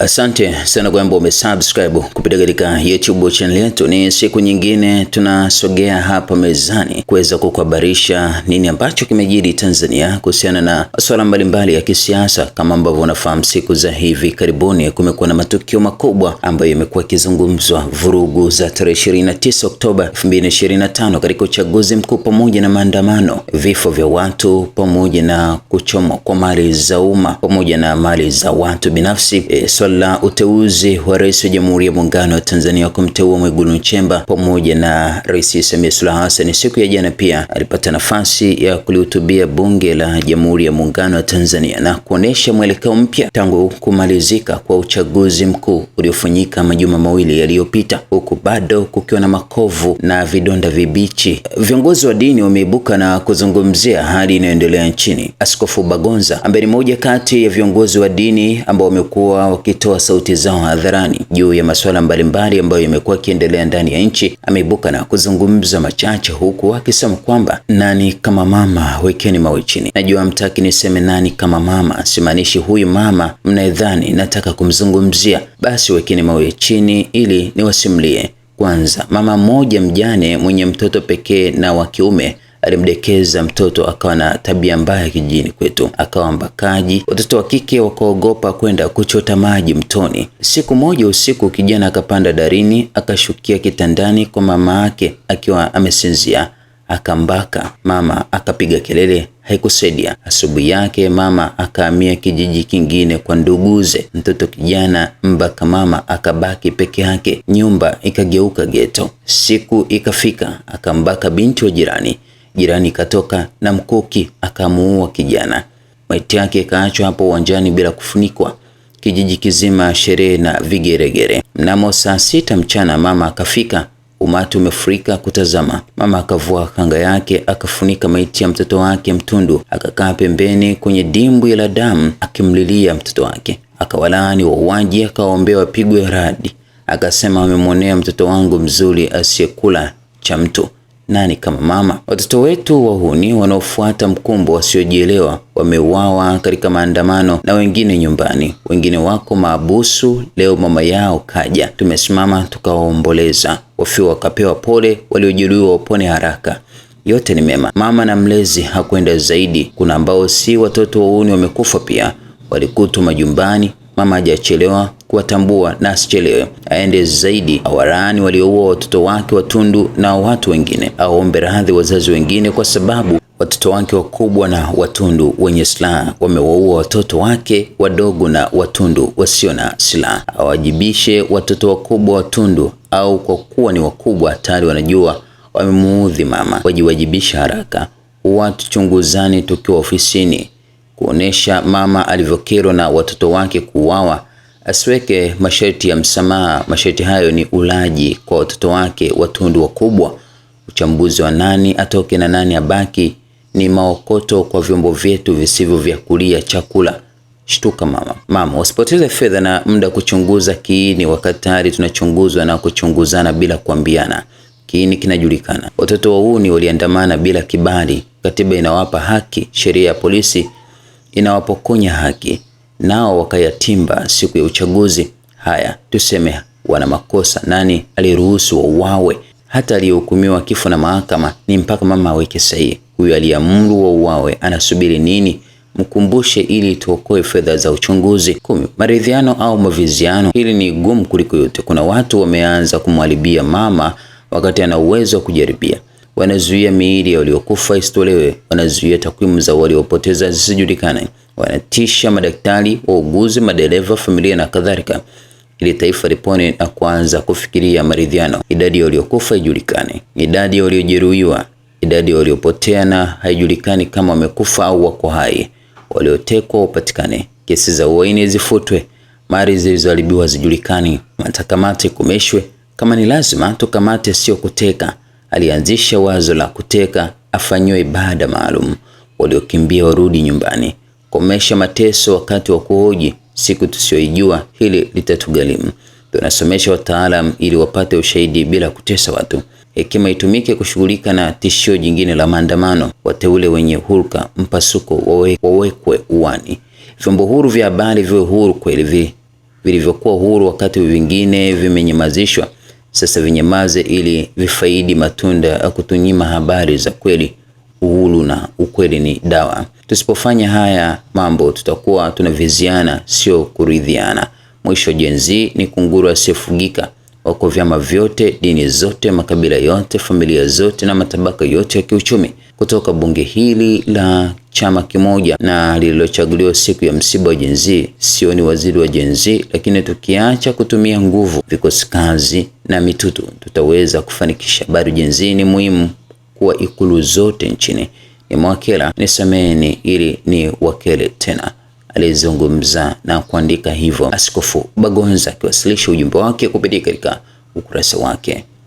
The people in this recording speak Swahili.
Asante sana kwamba umesubscribe kupita katika YouTube channel yetu. Ni siku nyingine tunasogea hapa mezani kuweza kukuhabarisha nini ambacho kimejiri Tanzania kuhusiana na masuala mbalimbali ya kisiasa. Kama ambavyo unafahamu, siku za hivi karibuni kumekuwa na matukio makubwa ambayo yamekuwa yakizungumzwa, vurugu za tarehe 29 Oktoba 2025 katika uchaguzi mkuu pamoja na maandamano, vifo vya watu pamoja na kuchomwa kwa mali za umma pamoja na mali za watu binafsi e, la uteuzi wa rais wa Jamhuri ya Muungano wa Tanzania wa kumteua Mwigulu Nchemba pamoja na Rais Samia Suluhu Hassan, siku ya jana pia alipata nafasi ya kulihutubia Bunge la Jamhuri ya Muungano wa Tanzania na kuonesha mwelekeo mpya tangu kumalizika kwa uchaguzi mkuu uliofanyika majuma mawili yaliyopita, huku bado kukiwa na makovu na vidonda vibichi. Viongozi wa dini wameibuka na kuzungumzia hali inayoendelea nchini. Askofu Bagonza ambaye ni moja kati ya viongozi wa dini ambao wamekuwa kutoa sauti zao hadharani juu ya masuala mbalimbali ambayo yamekuwa yakiendelea ndani ya nchi, ameibuka na kuzungumza machache, huku akisema kwamba nani kama mama, wekeni mawe chini. Najua mtaki niseme nani kama mama, simaanishi huyu mama mnayedhani nataka kumzungumzia, basi wekeni mawe chini ili niwasimlie. Kwanza mama mmoja mjane mwenye mtoto pekee na wa kiume alimdekeza mtoto akawa na tabia mbaya kijijini kwetu, akawa mbakaji. Watoto wa kike wakaogopa kwenda kuchota maji mtoni. Siku moja usiku, kijana akapanda darini, akashukia kitandani kwa mama yake akiwa amesinzia, akambaka. Mama akapiga kelele, haikusaidia. Asubuhi yake mama akahamia kijiji kingine kwa nduguze. Mtoto kijana mbaka mama akabaki peke yake, nyumba ikageuka geto. Siku ikafika, akambaka binti wa jirani. Jirani katoka na mkuki akamuua kijana. Maiti yake ikaachwa hapo uwanjani bila kufunikwa, kijiji kizima sherehe na vigeregere. Mnamo saa sita mchana mama akafika, umati umefurika kutazama. Mama akavua kanga yake akafunika maiti ya mtoto wake mtundu, akakaa pembeni kwenye dimbwi la damu akimlilia mtoto wake. Akawalaani wauaji, akawaombea wapigwe radi, akasema, wamemwonea mtoto wangu mzuri asiyekula cha mtu nani kama mama. Watoto wetu wahuni wanaofuata mkumbo wasiojielewa wameuawa katika maandamano na wengine nyumbani, wengine wako maabusu. Leo mama yao kaja, tumesimama tukawaomboleza. Wafiwa wakapewa pole, waliojeruhiwa wapone haraka. Yote ni mema. Mama na mlezi hakwenda zaidi. Kuna ambao si watoto wahuni wamekufa pia, walikutwa majumbani, mama hajachelewa kuwatambua na asichelewe, aende zaidi awalaani walioua watoto wake watundu na watu wengine, awaombe radhi wazazi wengine kwa sababu watoto wake wakubwa na watundu wenye silaha wamewaua watoto wake wadogo na watundu wasio na silaha. Awajibishe watoto wakubwa watundu, au kwa kuwa ni wakubwa tayari wanajua wamemuudhi mama, wajiwajibisha haraka. Watu chunguzani tukiwa ofisini kuonesha mama alivyokerwa na watoto wake kuuawa asiweke masharti ya msamaha. Masharti hayo ni ulaji kwa watoto wake watundu wakubwa, uchambuzi wa nani atoke na nani abaki, ni maokoto kwa vyombo vyetu visivyo vya kulia chakula. Shtuka mama, mama, wasipoteze fedha na muda kuchunguza kiini, wakati tayari tunachunguzwa na kuchunguzana bila kuambiana. Kiini kinajulikana. Watoto wauni waliandamana bila kibali. Katiba inawapa haki, sheria ya polisi inawapokonya haki nao wakayatimba siku ya uchaguzi. Haya, tuseme wana makosa. Nani aliruhusu wauawe? Hata aliyehukumiwa kifo na mahakama ni mpaka mama aweke sahihi. Huyu aliamuru wauawe anasubiri nini? Mkumbushe ili tuokoe fedha za uchunguzi. Kumi, maridhiano au maviziano. Hili ni gumu kuliko yote. Kuna watu wameanza kumwalibia mama wakati ana uwezo wa kujaribia wanazuia miili ya waliokufa isitolewe, wanazuia takwimu za waliopoteza zisijulikane, wanatisha madaktari, wauguzi, madereva, familia na kadhalika, ili taifa lipone na kuanza kufikiria maridhiano. Idadi ya waliokufa haijulikani, idadi ya waliojeruhiwa, idadi ya waliopotea na haijulikani kama wamekufa au wako hai, waliotekwa upatikane, kesi za uhaini zifutwe, mali zilizoharibiwa zijulikani, matakamate komeshwe, kama ni lazima tukamate, sio kuteka alianzisha wazo la kuteka afanyiwe ibada maalum, waliokimbia warudi nyumbani, komesha mateso wakati wa kuhoji siku tusiyoijua, hili litatugalimu Tunasomesha wataalam ili wapate ushahidi bila kutesa watu. Hekima itumike kushughulika na tishio jingine la maandamano. Wateule wenye hulka mpasuko wawekwe uwani. Vyombo huru vya habari viwe huru kweli, vilivyokuwa huru wakati vingine vimenyamazishwa sasa vinyamaze ili vifaidi matunda ya kutunyima habari za kweli. Uhuru na ukweli ni dawa. Tusipofanya haya mambo, tutakuwa tunaviziana, sio kuridhiana. Mwisho, jenzi ni kunguru asiyefugika wako vyama vyote, dini zote, makabila yote, familia zote na matabaka yote ya kiuchumi kutoka bunge hili la chama kimoja na lililochaguliwa siku ya msiba wa jenzi. Sio ni waziri wa jenzi, lakini tukiacha kutumia nguvu, vikosi kazi na mitutu, tutaweza kufanikisha. Bado jenzi ni muhimu kuwa ikulu zote nchini. Ni mawakela, nisameheni, ili ni wakele tena alizungumza na kuandika hivyo Askofu Bagonza akiwasilisha ujumbe wake kupitia katika ukurasa wake.